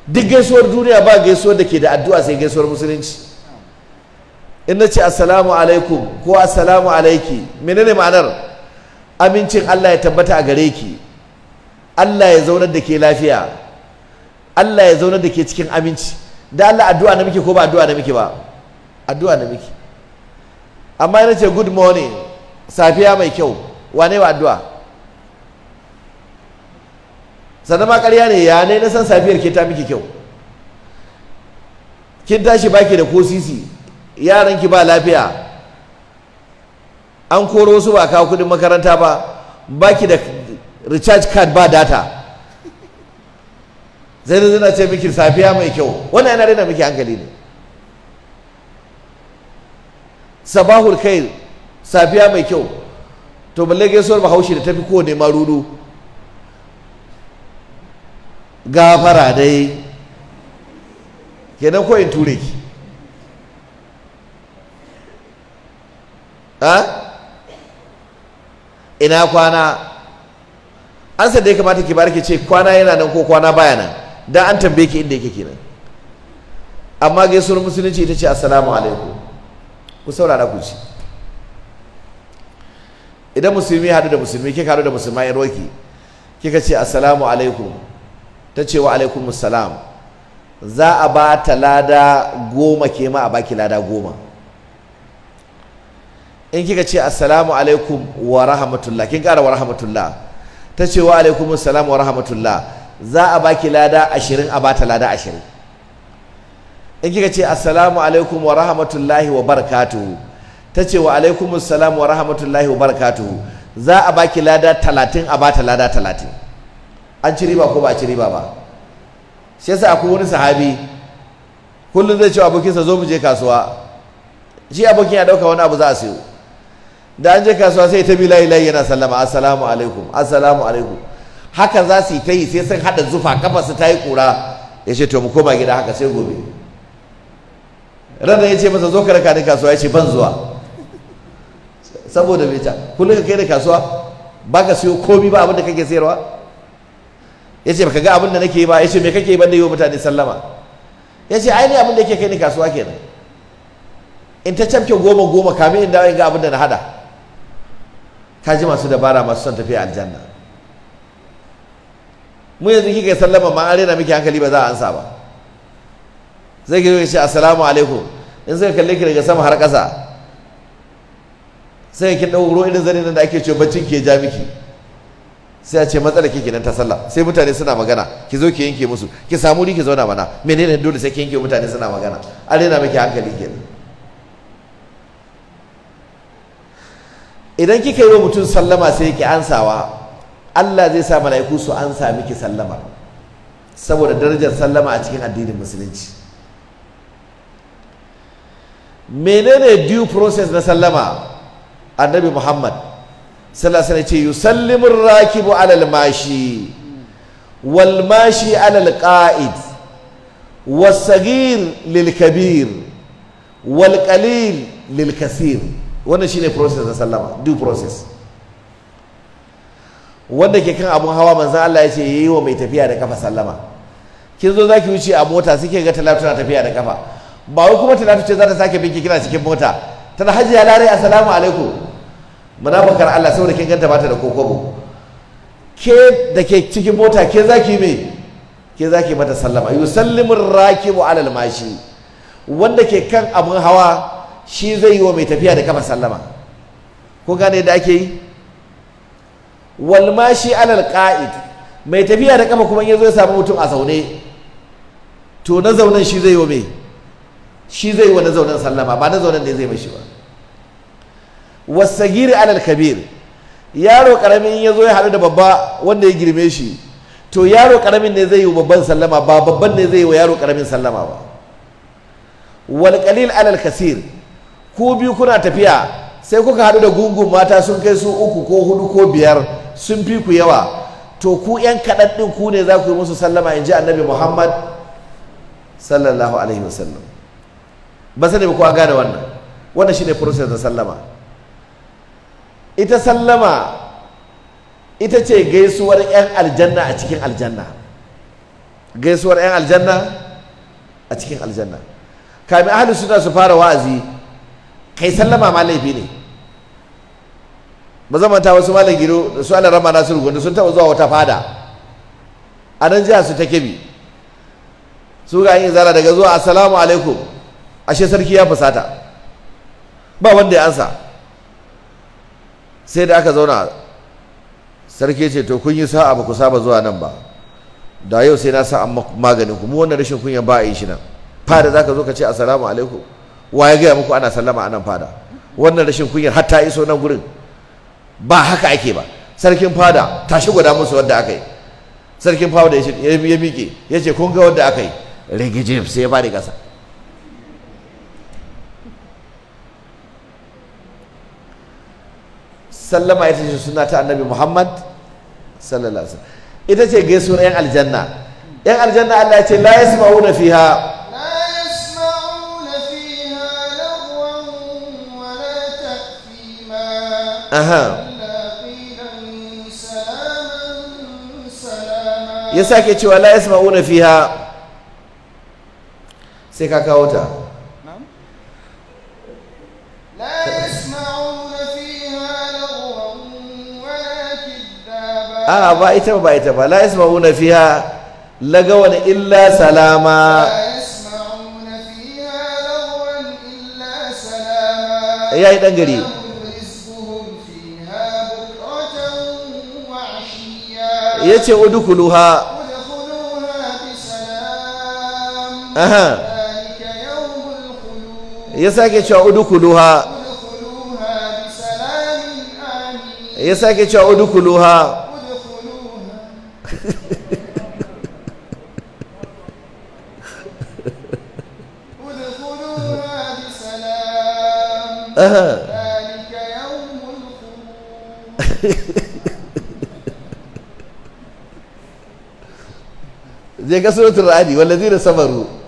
Speaker 2: duk gaisuwar duniya ba gaisuwar da ke da addu'a sai gaisuwar musulunci in na ce assalamu alaikum ko assalamu alaiki menene ma'anar amincin Allah ya tabbata a gare ki Allah ya zaunar da ke lafiya Allah ya zaunar da ke cikin aminci da Allah addu'a na muke ko ba addu'a na muke ba addu'a na muke amma yana ce good morning safiya mai kyau wane wa addu'a sannan ma ƙarya ne ya ne na san safiyar ke ta miki kyau kin tashi baki da ko sisi yaran ki ba lafiya an koro su ba kawo kudin makaranta ba baki da recharge card ba data zai zana ce miki safiya mai kyau wannan yana rena miki hankali ne sabahul khair safiya mai kyau to balle gaisuwar bahaushe da tafi kowane marudu gafara dai kenan ko in ture ki ha ah? ina kwana an sa dai kamata ki barke ce kwana yana nan ko kwana baya nan dan an tambaye ki inda yake kenan amma sunan musulunci ita ce assalamu alaikum ku saurara ku ci idan musulmi hadu da musulmi kika hadu da musulmai roki kika ce assalamu alaikum ta ce wa alaikum salam za a ba ta lada goma ke ma a baki lada goma in kika ce assalamu alaikum wa rahmatullah kin kara wa rahmatullah ta ce wa alaikum salam wa rahmatullah za a baki lada ashirin a ba ta lada ashirin in kika ce assalamu alaikum wa rahmatullahi wa barakatuhu ta ce wa alaikum salam wa rahmatullahi wa barakatuhu za a baki lada talatin a ba ta lada talatin an ci riba ko ba a ci riba ba shi yasa akwai wani sahabi kullum zai ce abokinsa zo mu je kasuwa shi abokin ya dauka wani abu za a sayo da an je kasuwa sai ta bi layi layi yana sallama assalamu alaikum assalamu alaikum haka za su yi ta yi sai sun haɗa zufa kafa su ta yi ƙura ya ce to mu koma gida haka sai gobe ranar ya ce masa zo ka raka ni kasuwa ya ce ban zuwa saboda bai ta kullum ka kai da kasuwa ba ka siyo komi ba abin da kake sayarwa ya ce baka ga abin da nake ba ya ce me kake ban da yi wa mutane sallama ya ce ainihin abin da yake kai ni kasuwa kenan in ta camke goma goma kamin in dawo in ga abin da na hada ka ji masu dabara masu son tafiya aljanna mu yanzu kika sallama ma an rena miki hankali ba za a ansa ba zai ki ya ce assalamu alaikum in suka kalle ki daga sama har ƙasa sai ki ɗauro irin zane nan da ake cewa baccin ke jami'ki. ja miki sai a ce matsala ke kenan ta sallah sai mutane suna magana ki zo ki yanke musu ki samu ni ki zauna mana menene dole sai ki yanke mutane suna magana a rena miki hankali kenan idan kika yi wa mutum sallama sai ki ansawa Allah zai sa mala'iku su ansa miki sallama saboda darajar sallama a cikin addinin musulunci menene due process na sallama annabi Muhammad sallallahu alaihi ce yusallimur rakibu alal mashi wal mashi alal qa'id was sagir lil kabir wal qalil lil kaseer wannan shine process da sallama due process wanda ke kan abun hawa manzo Allah ya ce yayi wa mai tafiya da kafa sallama kin zo zaki wuce a mota sike ga talatu na tafiya da kafa ba wai kuma talatu ce za ta sake binki kina cikin mota tana hajiya lare assalamu alaikum munafakar Allah saboda kin ganta bata da kokobo ke da ke cikin mota ke zaki me ke zaki mata sallama yusallimur rakibu alal mashi wanda ke kan abun hawa shi zai yi wa mai tafiya da kafa sallama ko gane da ake yi wal mashi alal qa'id mai tafiya da kafa kuma yazo ya samu mutum a zaune to na zaunan shi zai yi wa mai shi zai yi wa na zaunan sallama ba na zaunan ne zai mashi ba wasagiri alal kabir yaro karamin ya zo ya haɗu da babba wanda ya girme shi to yaro karamin ne zai yi babban sallama ba babban ne zai yi wa yaro karamin sallama ba wal qalil alal kasir ku biyu kuna tafiya sai kuka haɗu da gungun mata sun kai su uku ko hudu ko biyar sun fi ku yawa to ku yan kaɗan ɗin ku ne za ku yi musu sallama in ji annabi muhammad sallallahu alaihi wasallam ba sani ba ku gane wannan wannan shine process da sallama ita sallama ita ce gaisuwar 'yan aljanna a cikin aljanna gaisuwar 'yan aljanna a cikin aljanna kami ahalin suna su fara wa'azi kai sallama ma laifi ne ta wasu malam gido da su alarama nasiru gwanda sun taɓa zuwa wata fada a nan jiha su ta kebi su ga yin zara daga zuwa assalamu alaikum ashe sarki ya fusata ba wanda ya ansa sai da aka zauna sarki ce to kun yi sa'a ba ku saba zuwa nan ba da yau sai na sa an maganin ku mu wannan rashin kunya ba a yi shi nan fada za ka zo ka ce assalamu alaikum wa ya gaya muku ana sallama a nan fada wannan rashin kunya har ta iso nan gurin ba haka ake ba sarkin fada shi guda musu wadda aka yi sarkin fada ya miƙe ya ce kun ga wadda aka yi rigijim sai ya bada ƙasa sallama ita ce suna ta annabi muhammad sallallahu alaihi wasallam ita ce gaisuwar yan aljanna yan aljanna Allah ya ce la yasma'una fiha Aha. Ya sake cewa la yasma'una fiha sai ka kawo ta. a ba ita ba ita ba la yasma'una fiha wani illa salama ya yi ɗan gari ya ce udukuluha aha ya sake cewa udukuluha ya sake cewa udukuluha ذلك يوم الخروج دي سورة الرعد والذين صبروا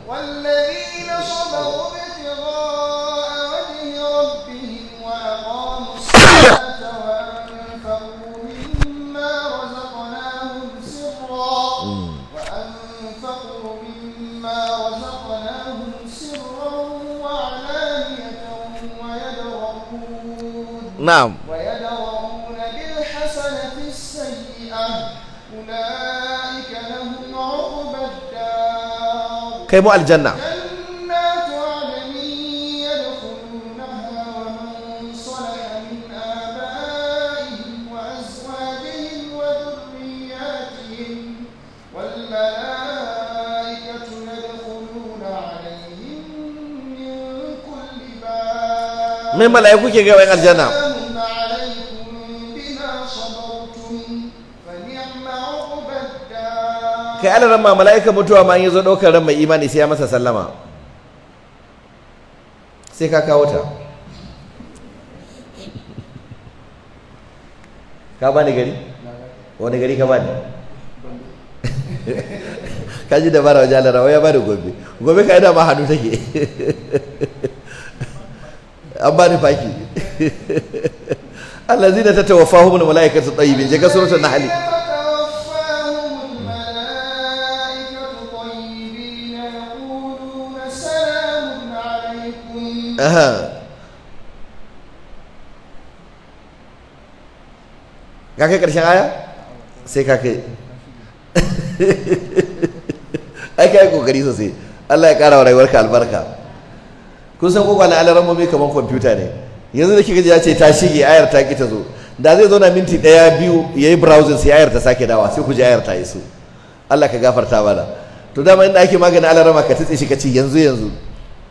Speaker 2: نعم ويدرؤون بالحسنة السيئة أولئك لهم عقبى الدار كيمو الجنة جنات عدن يدخلونها
Speaker 1: ومن صلح من آبائهم وأزواجهم وذرياتهم والملائكة يدخلون عليهم من كل باب
Speaker 2: من ملائكة كيف الجنة kai alaran ma mala'ika mutuwa ma in yazo daukar ran mai imani sai ya masa sallama sai ka kawo ta ka bani gari wani gari ka bani ka ji dabara wajen alara wai ya bani gobe gobe ka ina ma hannu take an bani faki allazina tatawaffahumul mala'ikatu tayyibin je suratun suratul hali ga kai karshen aya sai ka kai ai kai kokari sosai Allah ya kara wa rayuwarka albarka kun san kokwa na alaran mai kaman kwamfuta ne yanzu da kika ji ya ce ta shige ayar ta ki ta zo da zai zo minti daya biyu yayi browsing sai ayar ta sake dawa sai ku ji ayar ta iso Allah ka dah main to dama inda ake maganin kat ka si shi ka tu yanzu yanzu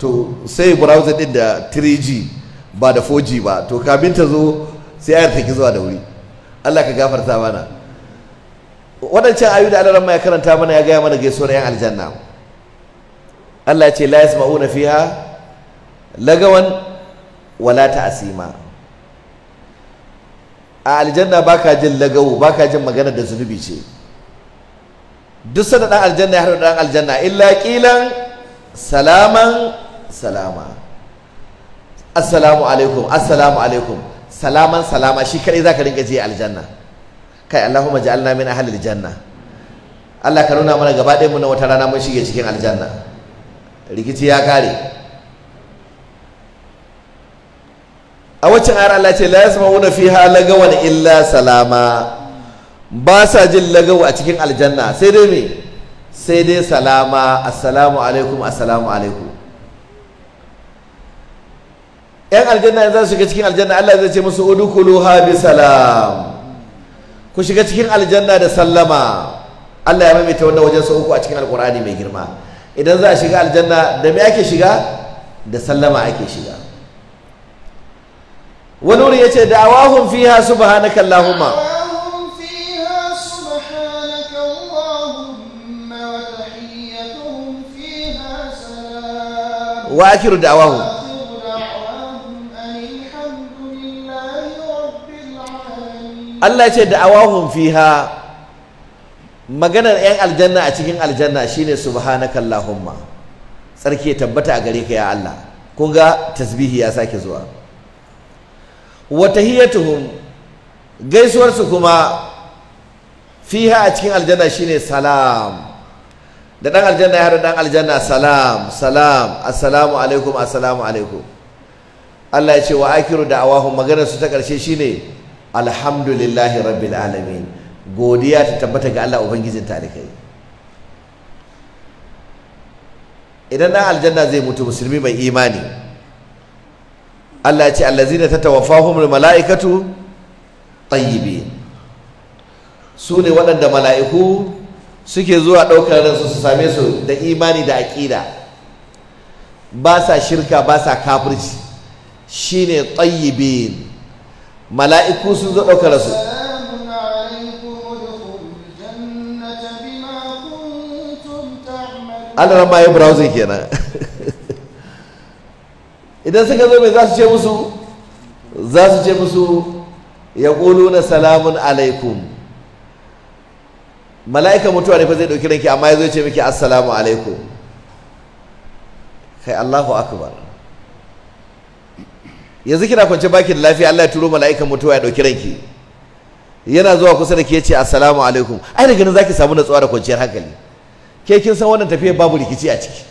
Speaker 2: to sai browser din da 3G ba da 4G ba to kamin ta zo sai ayar take zuwa da wuri Allah ka gafarta mana waɗancan ayu da alaran ya karanta mana ya gaya mana gaisuwar yan aljanna Allah ya ce la yasma'una fiha lagawan wala ta'asima a aljanna baka jin lagawo baka jin magana da zunubi ce duk sanadan aljanna ya haɗu da aljanna illa ƙilan salaman salama assalamu alaikum assalamu alaikum salaman salama shi kadai zaka rinka je aljanna kai Allahumma ja'alna min ahli janna. Allah ka nuna mana gaba ɗaya mu na wata rana mun shige cikin aljanna rikici ya kare a waccan ayar Allah ce la yasma'una fiha lagawan illa salama ba sa jin lagawa a cikin aljanna sai dai me sai dai salama assalamu alaikum assalamu alaikum yan aljanna za su shiga cikin aljanna Allah zai ce musu udkhuluha bi salam ku shiga cikin aljanna da sallama Allah ya maimaita wannan wajen sau uku a cikin alqur'ani mai girma idan za a shiga aljanna da me ake shiga da sallama ake shiga wani wuri da awahun fiha subhanaka allahumma wa akiru da'awahum Allah ce da awahun fiha maganar 'yan aljanna a cikin aljanna shine subhanaka allahumma tsarki ya tabbata a gare ka ya Allah kun ga tasbihi ya sake zuwa wa tahiyatuhum gaisuwar su kuma fiha a cikin aljanna shine salam da dan aljanna ya haɗu dan aljanna salam salam assalamu alaikum assalamu alaikum Allah ya ce wa akiru awahun maganar su ta ƙarshe shine alhamdulillahi rabbil alamin godiya ta tabbata ga Allah ubangijin talikai idan na aljanna zai mutu musulmi mai imani Allah ya ce allazina tatawaffahumul mala'ikatu tayyibin su ne waɗanda mala'iku suke zuwa ɗaukar ransu su same su da imani da aƙida ba sa shirka ba sa kafirci shine tayyibin mala'iku sun zo ɗaukar su
Speaker 1: Allah ran ma ya browsing
Speaker 2: kenan idan suka zo mai za su ce musu za su ce musu ya na salamun alaikum mala'ika mutuwa ne fa zai ɗauki ranki amma ya zo ce miki assalamu alaikum kai Allahu akbar yanzu kina kwance bakin lafiya Allah ya turo mala'ikan mutuwa ya dauki ranki yana zuwa kusa da ke ce assalamu alaikum ai da ganin zaki samu natsuwa da kwanciyar hankali ke kin san wannan tafiyar babu rikici a ciki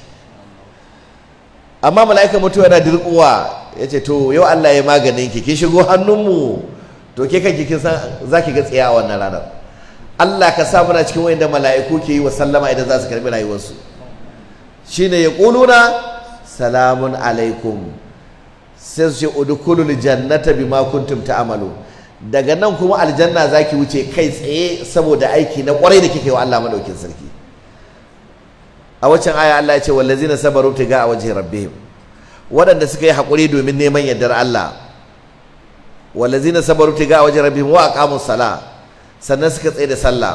Speaker 2: amma mala'ikan mutuwa yana dirkuwa ya ce to yau Allah ya maganin ki kin shigo hannunmu to ke kanki kin san zaki ga tsaya a wannan ranar Allah ka sa muna cikin wayanda mala'iku ke yi wa sallama idan za su karbi rayuwarsu shine yaquluna salamun alaikum sai su ce udkhulul jannata bima kuntum ta'malu daga nan kuma aljanna zaki wuce kai tsaye saboda aiki na kwarai da kike wa Allah madaukin sarki a waccan aya Allah ya ce wallazina sabaru tiga a wajhi rabbihim wadanda suka yi haƙuri domin neman yardar Allah wallazina sabaru tiga a wajhi rabbihim wa aqamu sala sannan suka tsaye da sallah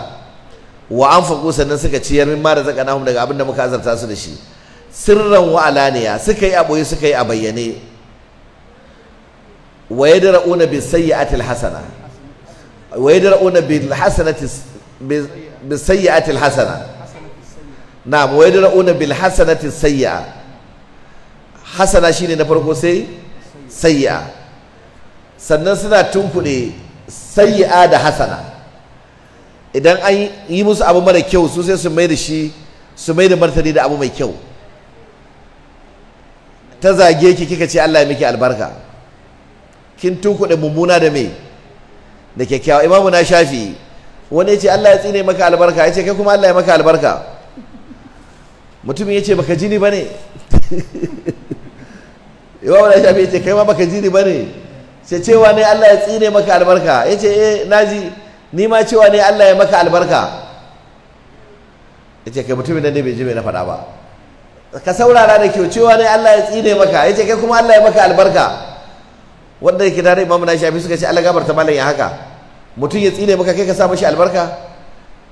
Speaker 2: wa anfaqu sannan suka ciyar min ma razaqnahum daga abin da muka azarta su da shi sirran wa alaniya suka yi a suka yi a bayyane wa yadra'una bis sayyi'ati hasana hasana shine na farko sai sayyi'a sannan suna tunkuɗe sayyi'a da hasana idan an yi musu abu mara kyau su su mai da shi da martani da abu mai kyau ta zage ki kika ce Allah ya miki albarka kin da mummuna da me da kyakkyawa imamu na shafi wani ya ce Allah ya tsine maka albarka ya ce kai kuma Allah ya maka albarka mutumin ya ce baka ji ni bane imamu na shafi ya ce kai ma baka ji ni bane sai cewa ne Allah ya tsine maka albarka ya ce eh naji ni ma cewa ne Allah ya maka albarka ya ce kai mutumin da ne bai ji mai na faɗa ba ka saurara da kyau cewa ne Allah ya tsine maka ya ce kai kuma Allah ya maka albarka wanda yake tare imamu na shafi suka ce Allah gabarta malam ya haka mutum ya tsine maka kai ka sa shi albarka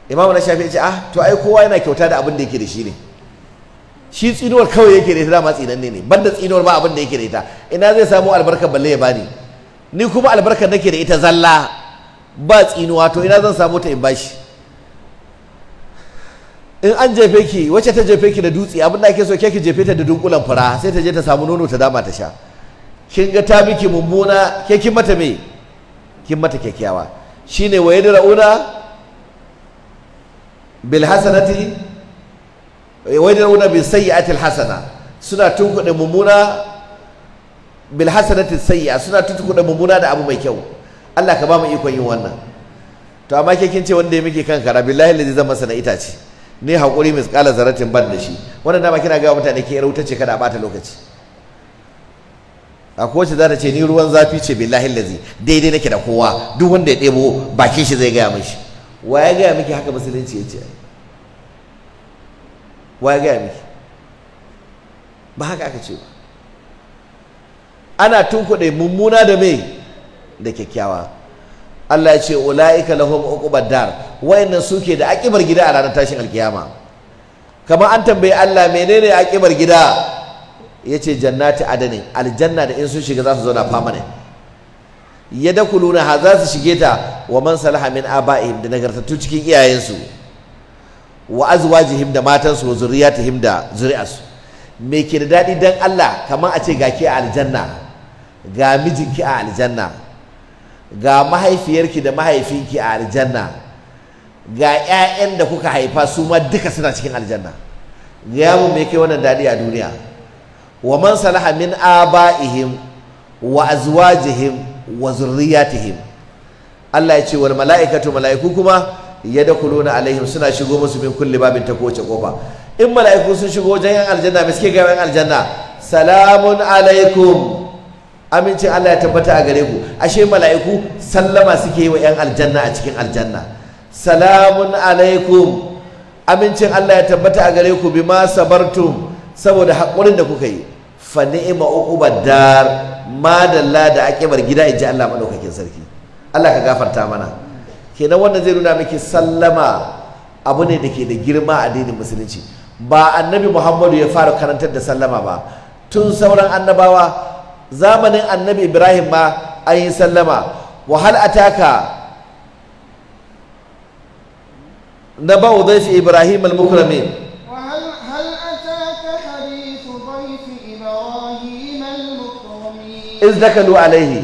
Speaker 2: imamu na shafi ya ce ah to ai kowa yana kyauta da abin da yake da shi ne shi tsinuwar kawai yake da ita dama tsinanne ne banda tsinuwar ba abin da yake da ita ina zai samu albarkar balle ya bani ni kuma albarkar nake da ita zalla ba tsinuwa to ina zan samu ta in bashi in an jefe ki wacce ta jefe ki da dutse abin da ake so ke ki jefe ta da dunkulan fura sai ta je ta samu nono ta dama ta sha kin ga ta miki mummuna ke kin mata me kin mata kyakkyawa shine wa yadrauna bil hasanati wa yadrauna bis sayyi'ati al hasana suna tunkuɗe mummuna bil hasanati sayyi'a suna tunkuɗe mummuna da abu mai kyau Allah ka ba mu ikon yin wannan to amma ke kin ce wanda ya miki kan kara billahi lazi zan masa na itace ne hakuri kala zaratin ban da shi wannan dama kina ga mutane ke rauta ce kada a bata lokaci akwai wacce za ta ce ni ruwan zafi ce billahi lazi daidai nake da kowa duk wanda ya ɗebo bakin shi zai gaya mishi wa ya gaya miki haka musulunci ya ce wa ya gaya miki ba haka aka ce ba ana tunkuɗe mummuna da mai da kyakkyawa Allah ya ce ula'ika lahum uqubad dar wayannan suke da akibar gida a ranar tashin alkiyama kamar an tambaye Allah menene akibar gida Ya ce jannati adani aljanna da in sun shiga za su zauna permanent ya da ku ha za su shige ta wa man salaha min aba'ihim da nagartattu cikin iyayensu wa azwajihim da matansu wa zurriyatihim da zuri'arsu me ke da daɗi dan Allah kamar a ce ga ki a aljanna ga mijinki a aljanna ga mahaifiyarki da mahaifinki a aljanna ga 'ya'yan da kuka haifa su ma duka suna cikin aljanna ga yamu me kai wannan daɗi a duniya wa man salaha min aba'ihim wa azwajihim wa zurriyatihim Allah ya ce wal mala'ikatu mala'iku kuma yadkhuluna alaihim suna shigo musu min kulli babin ta kowace kofa in mala'iku sun shigo wajen yan aljanna me suke ga yan aljanna salamun alaikum amincin Allah ya tabbata a gare ku ashe mala'iku sallama suke yi wa yan aljanna a cikin aljanna salamun alaikum amincin Allah ya tabbata a gare ku bima sabartum saboda haƙurin da kuka yi fa ni'ima uqubad dar madalla da ake bar gida in ji Allah madaukakin sarki Allah ka gafarta mana kenan wannan zai nuna miki sallama abu ne da ke da girma a addinin musulunci ba annabi Muhammadu ya fara karantar da sallama ba tun sauran annabawa zamanin annabi Ibrahim ma an yi sallama wahal ataka na ba'u fi Ibrahim al-mukramin iz dakalu alaihi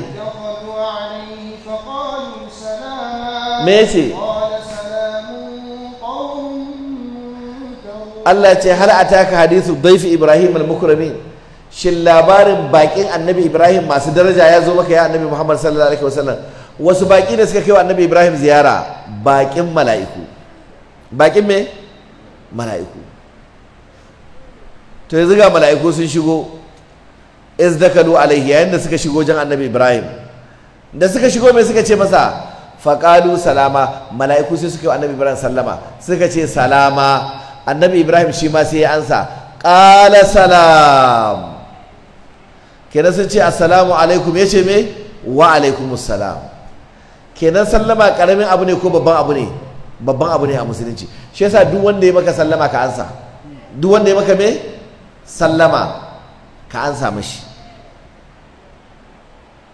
Speaker 2: me ce Allah ce hal ataka hadithu daifi Ibrahim al-mukrami shin labarin bakin annabi Ibrahim masu daraja ya zo maka ya annabi Muhammad sallallahu alaihi wasallam wasu baki ne suka kai annabi Ibrahim ziyara bakin mala'iku bakin me mala'iku to yanzu ga mala'iku sun shigo izdakalu alaihi yayin da suka shigo jan annabi ibrahim da suka shigo mai suka ce masa faƙalu salama mala'iku sai suka yi annabi ibrahim sallama suka ce salama annabi ibrahim shi ma sai ya ansa ƙala salam kenan sun ce assalamu alaikum ya ce me wa alaikum salam kenan sallama karamin abu ne ko babban abu ne babban abu ne a musulunci shi yasa duk wanda ya maka sallama ka ansa duk wanda ya maka me sallama ka ansa mashi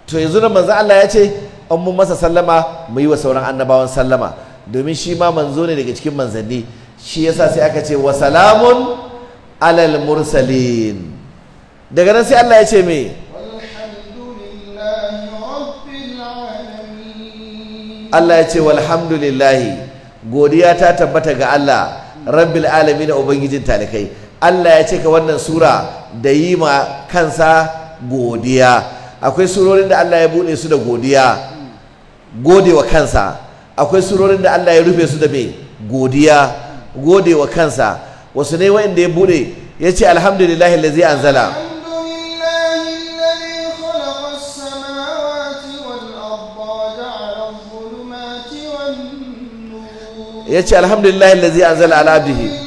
Speaker 2: to yanzu na manzo Allah ya ce an mun masa sallama mu yi wa sauran annabawan sallama domin shi ma manzo ne daga cikin manzanni shi yasa sai aka ce wa salamun alal mursalin daga nan sai Allah ya ce me Allah ya ce walhamdulillahi godiya ta tabbata ga Allah rabbil alamin ubangijin talikai Allah ya ce ka wannan sura da yi ma kansa godiya akwai surorin da Allah ya buɗe su da godiya gode wa kansa akwai surorin da Allah ya rufe su da me godiya gode wa kansa wasu ne wa'inda ya buɗe ya ce alhamdulillahi allazi anzala ya ce alhamdulillahi allazi anzala ala abdihi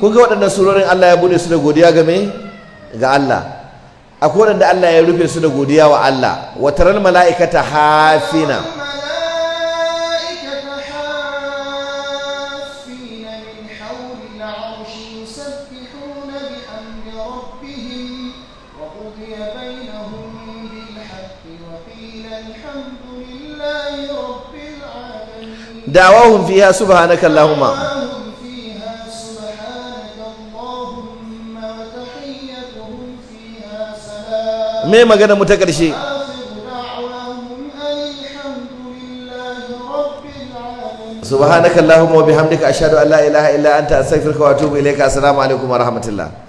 Speaker 2: kun ga waɗannan surorin Allah ya bude su da godiya ga me ga Allah akwai waɗanda Allah ya rufe su da godiya wa Allah wa taral mala'ikata hafina دعواهم فيها سبحانك اللهم
Speaker 1: me magana mu ta karshe subhanakallahumma
Speaker 2: wa bihamdika ashhadu an la ilaha illa anta astaghfiruka wa atubu ilayka assalamu alaikum wa rahmatullah